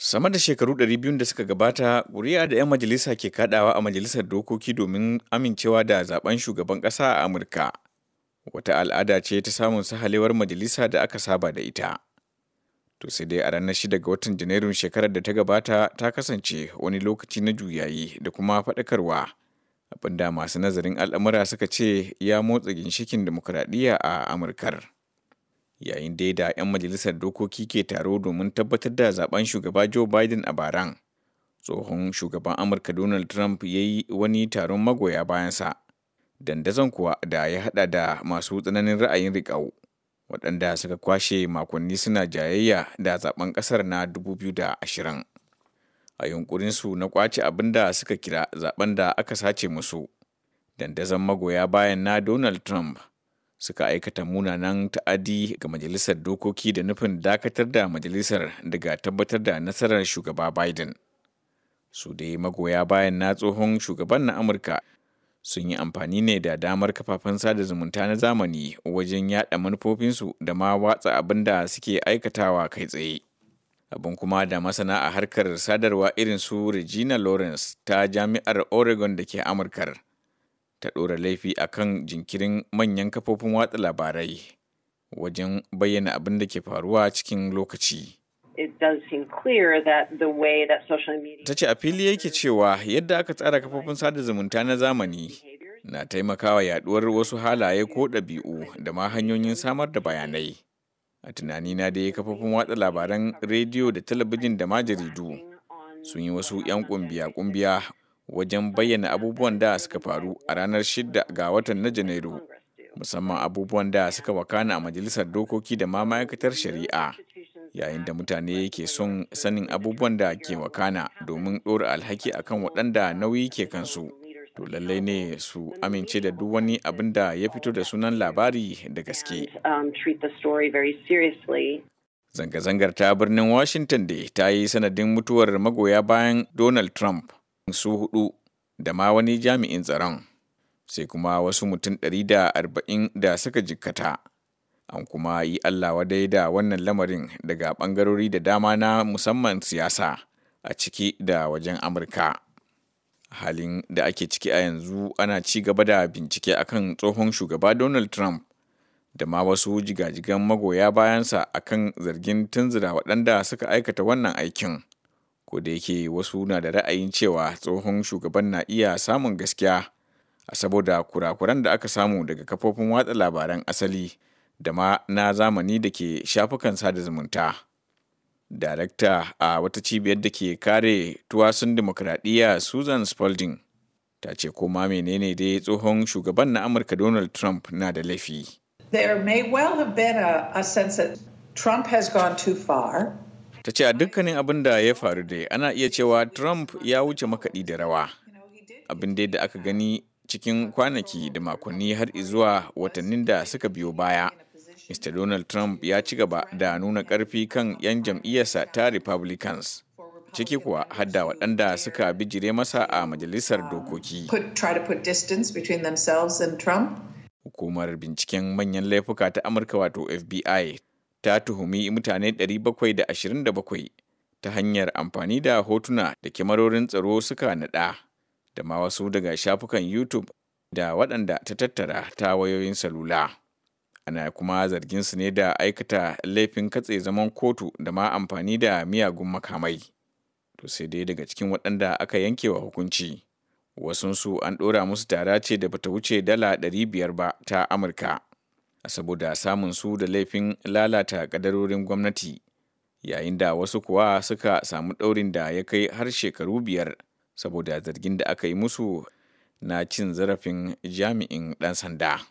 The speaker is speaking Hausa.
Sama da shekaru 200 da suka gabata, ƙuri'a da 'yan majalisa ke kaɗawa a majalisar dokoki domin amincewa da zaben shugaban ƙasa a Amurka. Wata al'ada ce ta samun sahalewar majalisa da aka saba da ita. To sai dai a ranar shida ga watan Janairun shekarar da ta gabata ta kasance wani lokaci na juyayi da kuma faɗakarwa. Abinda masu nazarin al'amura suka ce ya motsa ginshikin dimokuraɗiyya a Amurkar. yayin dai da 'yan majalisar dokoki ke taro domin tabbatar da zaben shugaba joe biden a baran tsohon shugaban amurka donald trump ya yi wani taron magoya bayansa dandazon kuwa da ya hada da masu tsananin ra'ayin riƙau waɗanda suka kwashe makonni suna jayayya da zaben ƙasar na 2020 a yunkurinsu na kwace abin da suka kira zaben da aka sace musu dandazon magoya bayan na donald trump suka aikata munanan ta'adi ga majalisar dokoki da nufin dakatar da majalisar daga tabbatar da nasarar shugaba Biden. Su dai magoya bayan na tsohon shugaban na Amurka sun yi amfani ne da damar kafafen sada zumunta na zamani wajen yada manufofinsu da ma watsa abin da suke aikatawa kai tsaye. Abin kuma da masana a harkar sadarwa irin su Regina Lawrence ta Jami'ar Oregon da ke Amurkar. ta ɗora laifi a kan jinkirin manyan kafofin watsa labarai wajen bayyana abin da ke faruwa cikin lokaci. Ta ce a fili yake cewa yadda aka tsara kafofin sada zumunta na zamani na taimakawa yaduwar wasu halaye ko ɗabi'u da ma hanyoyin samar da bayanai. A tunanina dai kafofin watsa labaran rediyo da talabijin da ma jaridu sun yi wasu 'yan kumbiya-kumbiya wajen bayyana abubuwan da suka faru a ranar 6 ga watan na Janairu, musamman abubuwan da suka wakana a Majalisar Dokoki da ma ma'aikatar Shari'a, yayin da mutane ke son sanin abubuwan da ke wakana domin ɗora alhaki akan waɗanda nauyi ke kansu. to lallai ne su amince da duk wani abin da ya fito da sunan labari da gaske. Um, Zanga-zangar ta birnin Washington da ta yi sanadin mutuwar magoya bayan Donald Trump su hudu da ma wani jami'in tsaron sai kuma wasu mutum 140 da arba'in da suka jikkata an kuma yi allah wadai da wannan lamarin daga bangarori da dama na musamman siyasa a ciki da wajen amurka halin da ake ciki a yanzu ana ci gaba da bincike akan tsohon shugaba donald trump da ma wasu jigajigan magoya bayansa akan zargin tunzura waɗanda suka aikata wannan aikin. ko yake wasu na da ra'ayin cewa tsohon shugaban na iya samun gaskiya a saboda kurakuran da aka samu daga kafofin watsa labaran asali da ma na zamani da ke shafukan sada zumunta darakta a wata cibiyar da ke kare tuwasun demokradiyya susan spalding ta ce koma menene dai tsohon shugaban na amurka donald trump na da laifi there may well have been a, a sense that trump has gone too far ta ce a dukkanin abin da ya faru dai ana iya cewa trump ya wuce makaɗi da rawa abin dai da aka gani cikin kwanaki da makonni har zuwa watannin da suka biyo baya mr donald trump ya ci gaba da nuna ƙarfi kan 'yan jam'iyyarsa ta republicans ciki kuwa hadda waɗanda suka bijire masa a majalisar dokoki hukumar binciken manyan laifuka ta amurka wato fbi ta tuhumi mutane 727 ta hanyar amfani da hotuna da kyamarorin tsaro suka naɗa da ma wasu daga shafukan YouTube da waɗanda ta tattara ta wayoyin salula. Ana kuma zargin su ne da aikata laifin katse zaman kotu da ma amfani da miyagun makamai. To sai dai daga cikin waɗanda aka yankewa hukunci. Wasunsu an ɗora musu tara ce da bata wuce dala ɗari biyar ba ta Amurka. saboda samun su da laifin lalata kadarorin gwamnati yayin da wasu kuwa suka samu ɗaurin da ya kai har shekaru biyar saboda zargin da aka yi musu na cin zarafin jami'in ɗan sanda.